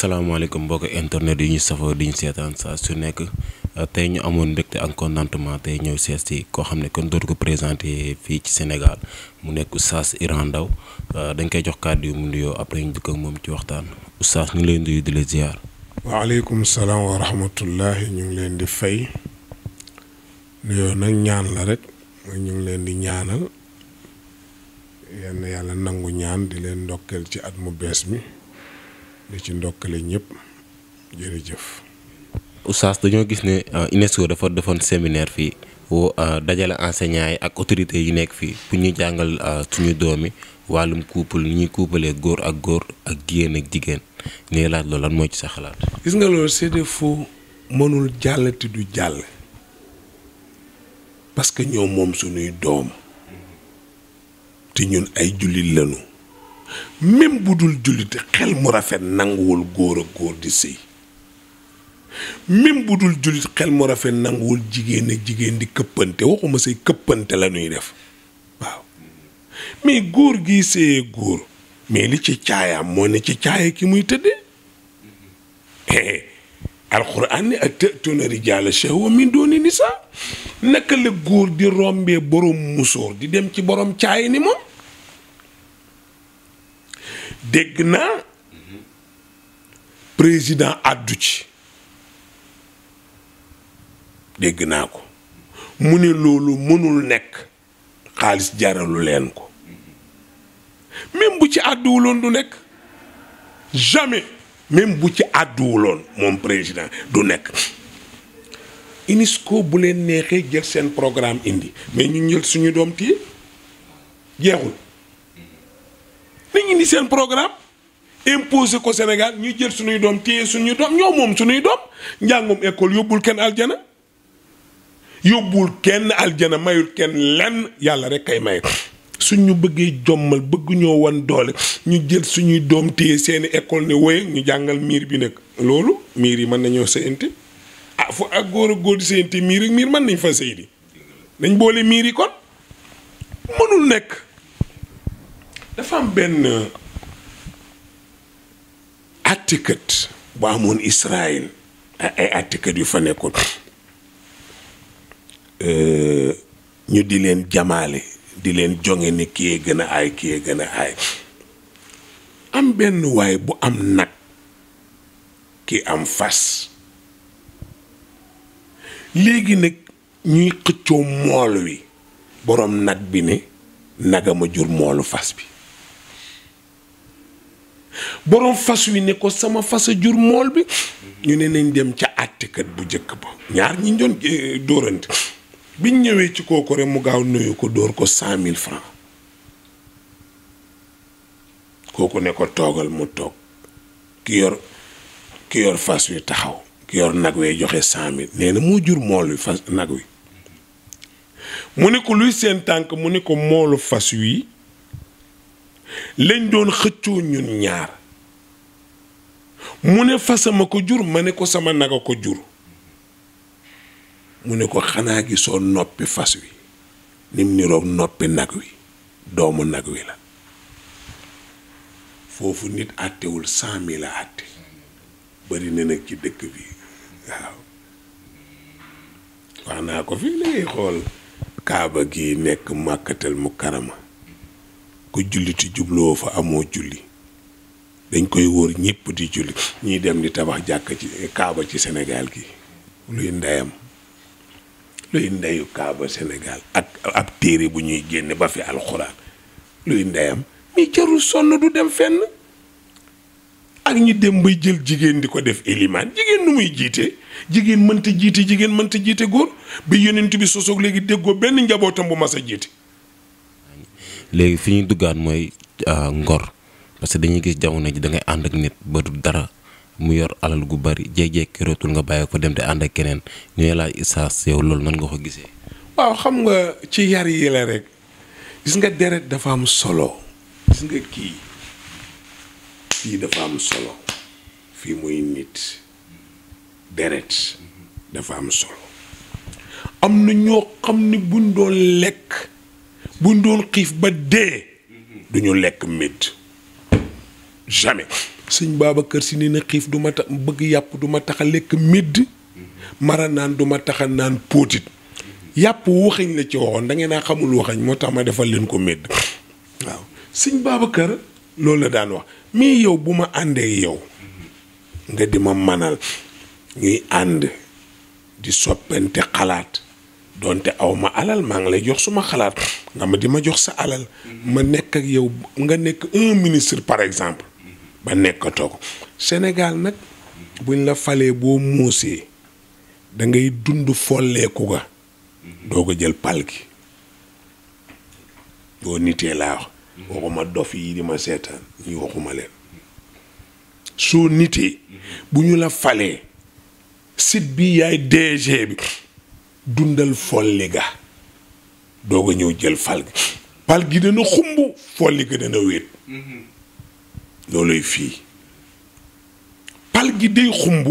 salaamaaleykum mbokk internet yi ñu safoo di ñu seetaan saa su nekk euh, tey ñu amoon mbégte ak contentement tey ñëw sees si koo xam ne kon dootu ko présenté fii ci Sénégal mu nekk Oustaz Iran Ndao euh, dañ koy jox kàddu yu mu nuyoo après ñu dëkk ak moom ci waxtaan Oustaz ñu ngi lay nuyu di la ziar. waaleykum salaam wa ñu ngi leen di fay nuyoo nag ñaan la rek ñu ngi leen di ñaanal yenn yàlla nangu ñaan di leen ndokkeel ci at mu bees bi di ci ndokkale ñëpp jërëjëf. Oustaz dañoo gis ne euh, UNESCO dafa defoon séminaire fii woo euh, dajale enseignants yi ak autorités yi nekk fii pour ñuy jàngal euh, suñu doom yi wàllum couple ni ñuy coupalee góor ak góor ak jigéen ak jigéen ñuy laaj loolu lan moo ci sa xalaat. gis nga lool c'est des faux mënul jàllati du jàll parce que ñoom moom suñuy doom te ñun ay jullit lañu. même bu dul jullit xel mu rafet nanguwul góor ak góor di sëy même bu dul jullit xel mu rafet nanguwul jigéen ak jigéen di këppante waxuma say këppante la ñuy def waaw mais góor gi sëyee góor mais li ci caayam moo ne ci caaya ki muy tëddee eh, alquran ni ak tëtuna rijaala shahwa min dooni nisa naka la góor di rombee borom musóor di dem ci borom caay ni moom dégg naa président àddu ci dégg naa ko mu ne loolu mënul nekk xaalis jaralu leen ko même bu ci àdduwuloon du nekk jamais même bu ci àdduwuloon moom président du nekk UNESCO bu leen neexee jël seen programme indi mais ñu jël suñu doom téye jeexul nañ indi seen programme imposé ko Sénégal ñu jël suñuy doom téye suñuy doom ñoo moom suñuy doom njàngum école yóbbul kenn aljana yóbbul kenn aljana mayul kenn lenn yàlla rek ay may suñ ñu bëggee jommal bëgg won doole ñu jël suñuy doom téye seeni école ne woye ñu jàngal miir bi nekk loolu miir yi mën nañoo séyante ah fu ak góor ak góor di séyante miir ak miir mën nañ fa séy di nañ boole miir yi kon mënul nekk dafa am benn àttikat bu amoon Israël ay àttikat yu fa nekkoon euh, ñu di leen jamaale di leen jonge ni kiyee gën a aay kiyee gën a aay am benn waay bu am nag ki am fas léegi nag ñuy xëccoo mool wi boroom nag bi ne nagama jur moolu fas bi boroom fas wi ne ko sama fas a jur mool bi ñu ne nañ dem ca àttekat bu njëkk ba ñaar ñi doon eh, dóorante biñ ñëwee ci kooku rek mu gaaw nuyu ko dóor ko cent mille francs kooku ne ko toogal mu toog ki yor ki yor fas wi taxaw ki yor nag wee joxe cent mille nee na moo jur mool wi fas nag wi mu ne ko luy seen tànk mu ne ko moolu fas wi lañ doon xëccoo ñun ñaar mu ne fasama ko jur ma ne ko sama naga ko jur mu ne ko xanaa gisoo soo noppi fas wi nim niroog noppi nag wi doomu nag wi la foofu nit àttewul cent mille la àtte bari na ci dëkk bi waaw wax naa ko fii léegi xool kaaba gi nekk màkkatal mu karama ko julliti jubloo fa amoo julli dañ koy wóor ñépp di julli ñuy dem di tabax jàkk ci eh, kaaba ci Sénégal gi luy ndeyam luy ndeyu kaaba Sénégal ak ab téere bu ñuy génne ba fi alxuraan luy ndeyam mi jarul sonn du dem fenn ak ñu dem bay jël jigéen di ko def ilimaan jigéen lu muy jiite jigéen mënta jiite jigéen mënta jiite góor bi yonent bi sosoog léegi déggoo benn njabootam bu mas a jiite léegi fi ñuy duggaat mooy euh, ngor parce que dañuy gis jamono ji da ngay ànd ak nit ba dara mu yor alal gu bari jékki-jékki rootul nga bàyyi ko dem te ànd ak keneen ñu ne laaj Isaas yow loolu nan nga ko gisee. waaw xam nga ci yar yi la rek gis nga deret dafa am solo gis nga kii kii dafa am solo fii muy nit deret dafa am solo am na ñoo xam ni buñ doon lekk. buñ doon xiif ba dee du ñu lekk métt jamais sëñ Babacar Si nee na xiif du ma tax bëgg yàpp duma tax a lekk médd mara naan duma tax a naan póotit yàpp waxañ la ci waxoon da ngeen naa xamul waxañ moo tax ma defal leen ko médd waaw sëñ kër loolu la daan wax mii yow bu ma àndee yow nga di ma manal ñuy ànd di soppante xalaat te aw ma alal maa ngi lay jox suma xalaat nga ma di ma jox sa alal ma nekk ak yow nga nekk un ministre par exemple ba nekkatoo ko Sénégal nag buñ la falee boo muusee da ngay dund folleeku ga doo ko jël pal gi boo nitee laa wax waxuma dof yi di ma seetaan ñuy waxuma leen soo nitee bu ñu la falee sit bi yaay DG bi dundal folli ga doog a ñëw jël fal gi fal gi dana xumb folli ga dana wéet mm-hmm. looluy fii pal gi day xumb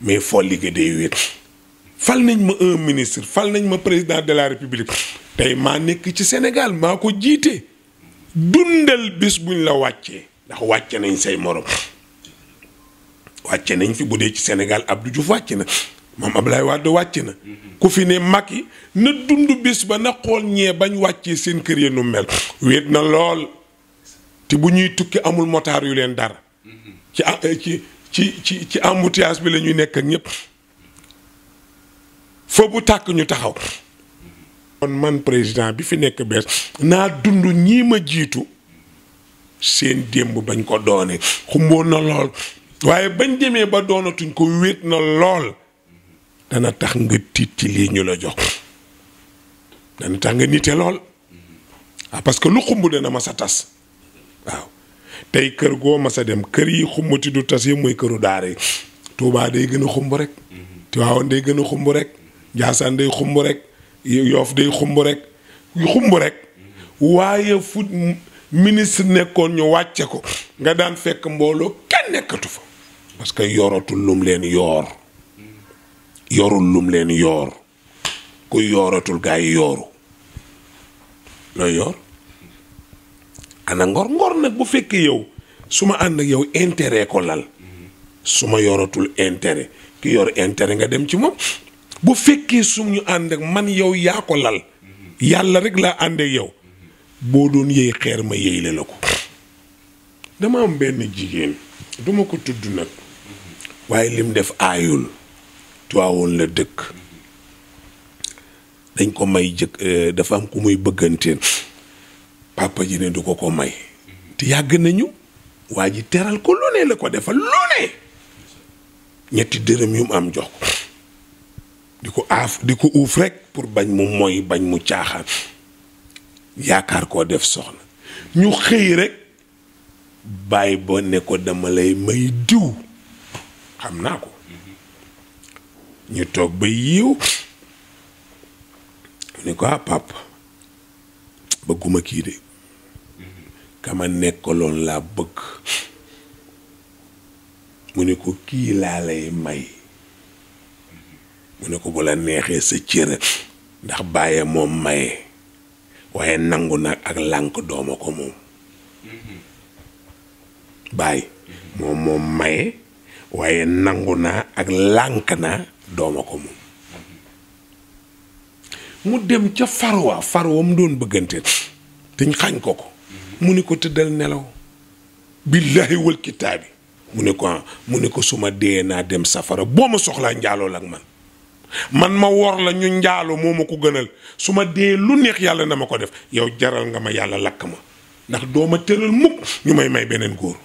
mais folli ga day wéet fal nañ ma un ministre fal nañ ma président de la république tey maa nekk ci Sénégal maa ko jiite dundal bés buñ la wàccee ndax wàcce nañ say morom wàcce nañ fi bu dee ci Sénégal Abdou Diouf wàcce na moom Ablaye Wade wàcc na ku fi ne mag yi na dund bis ba na xool ñee bañ wàccee seen kër ya nu mel wéet na lool te bu ñuy tukki amul motaar yu leen dara ci eh, ci ci ci ci embouteillage bi lañuy ñuy nekk ak fa bu tàkk ñu taxaw kon man président bi fi nekk bees naa dund ñii ma jiitu seen démb bañ ko doone xumboon na lool waaye bañ demee ba doonatuñ ko wéet na lool dana tax nga tiit ci lii ñu la jox dana tax nga nite lool waaw parce que lu xumb dana mas a tas waaw tey kër goo mas a dem kër yi xumbati du tas yi muy këru daara yi Tuubaa day gën a xumb rek Tiwaawan day gën a xumb rek Njaasaan day xumb rek Yoof day xumb rek xumb rek waaye fu ministre nekkoon ñu wàcce ko nga daan fekk mbooloo kenn nekkatu fa parce que yoratul lum leen yoor yorul lum leen yoor ku yooratul gaa yi yooru looy yoor ana ngor ngor nag bu fekkee yow su ma ànd ak yow intérêt ko lal su ma yoratul intérêt ki yor intérêt nga dem ci moom bu fekkee suñu ànd ak man yow yaa ko lal yàlla rek laa ànd ak yow boo doon yëy xeer ma yëyle la ko dama benn jigéen duma ko tudd nag waaye lim def aayul tuwaawoon la dëkk dañ ko may jëkk eh, dafa am ku muy bëgganteen papa ji ne du ko ko may te yàgg nañu waa ji teral ko lu la ko defal lu ñetti dërëm yu mu am jox ko di ko aaf di ko uuf rek pour bañ mu moy bañ mu caaxaan yaakaar koo def soxna ñu xëy rek bàyyi ba ne ko dama lay may diw xam naa ko ñu toog ba yiiw mu ne ko ah pap bëgguma kii de kama nekkaloon laa bëgg mu ne ko kii laa lay may mu ne ko bu la neexee sa cër ndax bàyyee moom maye waaye nangu nag ak lànk dooma ko moom bàyyi moom moom maye waaye nangu naa ak lànk naa dooma ko moom mu dem ca farwa farwa mu doon bëggante dañ xañ ko ko mu ni ko tëddal nelaw billaahi wal kitaabi mu ni ko ah, mu ni ko suma dee naa dem safara boo ma soxlaa njaaloo ak man man ma wor la ñu njaaloo moo ma ko gënal su ma dee lu neex yàlla na ma ko def yow jaral nga ma yàlla lakk ma ndax dooma tëral mukk ñu may may beneen góor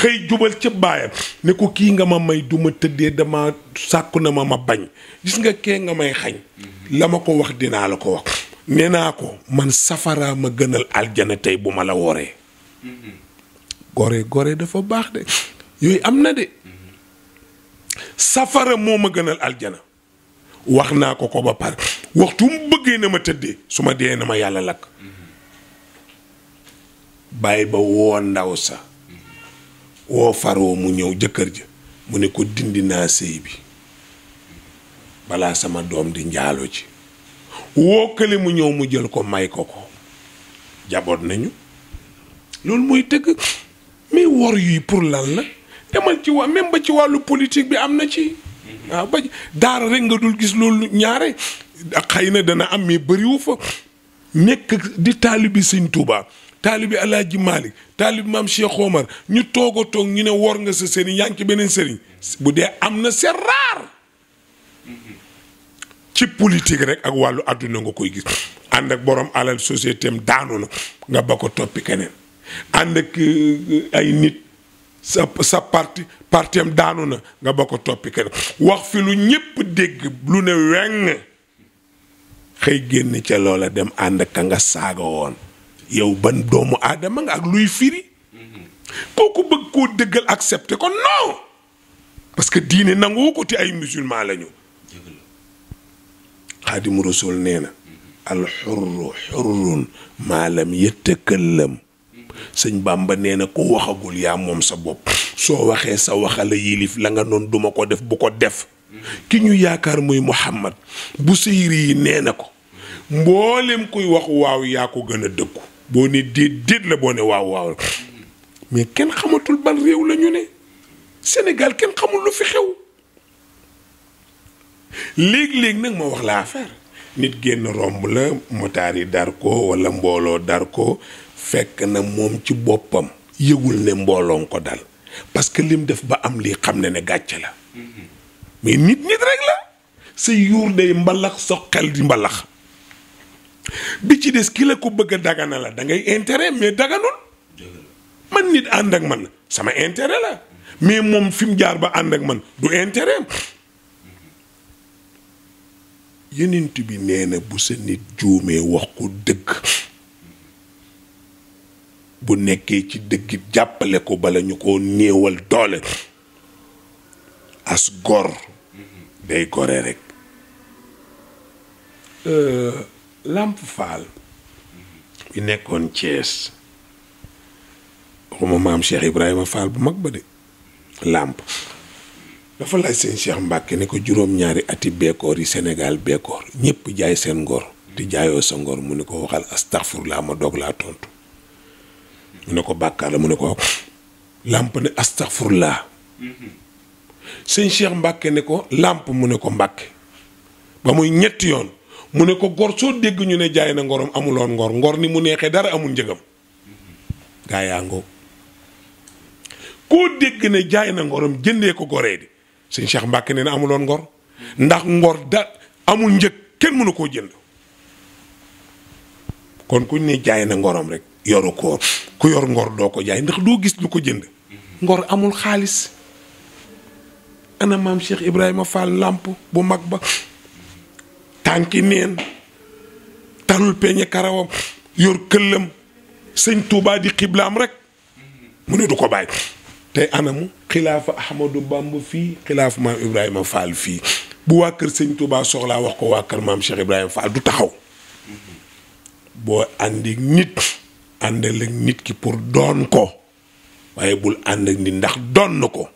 xëy jubal ci baayam ne ko kii nga ma may du ma tëddee dama sàkku na ma ma bañ gis nga kee nga may xañ la ma ko wax dinaa la ko wax nee naa ko man safaraa ma gënal aljana tey bu ma la wooree gore gore dafa baax de am na safara moo ma gënal aljana wax naa ko ko ba pare waxtu mu bëggee na ma tëddee su ma dee na ma yàlla lakk bàyyi ba woo ndaw sa woo faroo mu ñëw jëkkër ja mu ne ko dindi naa sëy bi balaa sama doom di njaalo ci woo kële mu ñëw mu jël ko may ko ko jaboot nañu loolu mooy dëgg mais wor yuy pour lan la demal ci wa même ba ci wàllu politique bi am na ci waaw ba daara rek nga dul gis loolu ñaare xayna na dana am mais fa nekk di taalibi siñ Tuubaa taalibi Alaaji Malick taalibi maam Cheikh Omar ñu toog a toog ñu ne wor nga sa sëriñ yaa ci beneen sëriñ bu dee am na c'est rare ci politique rek ak wàllu àdduna nga koy gis ànd ak borom alal société daanu na nga ba ko toppi keneen eh, nit sa daanu na nga ba ko wax fi lu ñépp dégg lu ne weng xëy génn ca loola dem ànd ak ka nga saaga woon yow ba doomu aadama nga ak luy firi ko bëgg koo dëggal accepté ko non parce que diine nangoo ko te ay musulman lañu xaadimu rasul nee na alxurru xurrun maalam yëttakallam sëñ Bàmba nee na ko waxagul yaa moom sa bopp soo waxee sa waxala yilif la nga noon duma ko def bu ko def ki ñu yaakaar muy Muhammad bu seyri yi nee ko mboolem kuy wax waaw yaa ko gën a dëggu boo ne déet déet la boo ne waaw waaw mais kenn xamatul ban réew la ñu ne Sénégal kenn xamul lu fi xew léegi-léegi nag ma wax laa affaire nit génn romb la motaar yi dar ko wala mbooloo dar ko fekk na moom ci boppam yëgul ne mbooloon ko dal parce que lim def ba am lii xam ne ne gàcce la mm-hmm. mais nit nit rek la sa yuur day mbalax sa xel di mbalax bi ci des ki la ko bëgg dagana la da ngay intérêt mais daganul man nit ànd ak man sama intere la mais moom fi mu jaar ba ànd ak man du intérêt yenent bi nee na bu sa nit juumee wax ko dëgg bu nekkee ci dëgg jàppale ko bala ñu ko néewal doole as gor day gore rek euh, làmp Fall yu nekkoon Thiès waxuma maam Cheikh Ibrahima Fall bu mag ba de Lamp dafa laaj seen Cheikh Mbàkke ne ko juróom-ñaari ati bekkoor yi Sénégal bekkoor ñëpp jaay seen ngor te jaayoo sa ngor mu ne ko waxal astaxfirullah ma dog laa tontu mu ne ko bàkkaar la mu ne ko làmp ne laa sëñ Cheikh Mbàkke ne ko làmp mu ne ko Mbàkke ba muy ñetti yoon mu ne ko gor soo dégg ñu ne jaay na ngoroom amuloon ngor ngor ni mu neexee dara amul njëgam gaa yaa ngoog koo dégg ne jaay na ngorom jëndee ko goree di sëñ Cheikh Mbacke nee na amuloon ngor ndax ngor da amul njëg kenn mënu koo jënd kon kuñ ne jaay na ngoroom rek yoru ko ku yor ngor doo ko jaay ndax doo gis lu ko jënd ngor amul xaalis ana maam Cheikh Ibrahima Fall làmp bu mag ba tànki neen talul peñe karawam yor këllam sëñ Touba di xiblaam rek mu ne du ko bàyyi tey anamu xilaafa Ahmadou Bamba fii xilaaf maam Ibrahima Fall fii bu waa kër sëñ Touba soxlaa wax ko waa kër maam Cheikh Ibrahima Fall du taxaw boo àndi nit àndal nit ki pour doon ko waaye bul ànd nit ndax doon na ko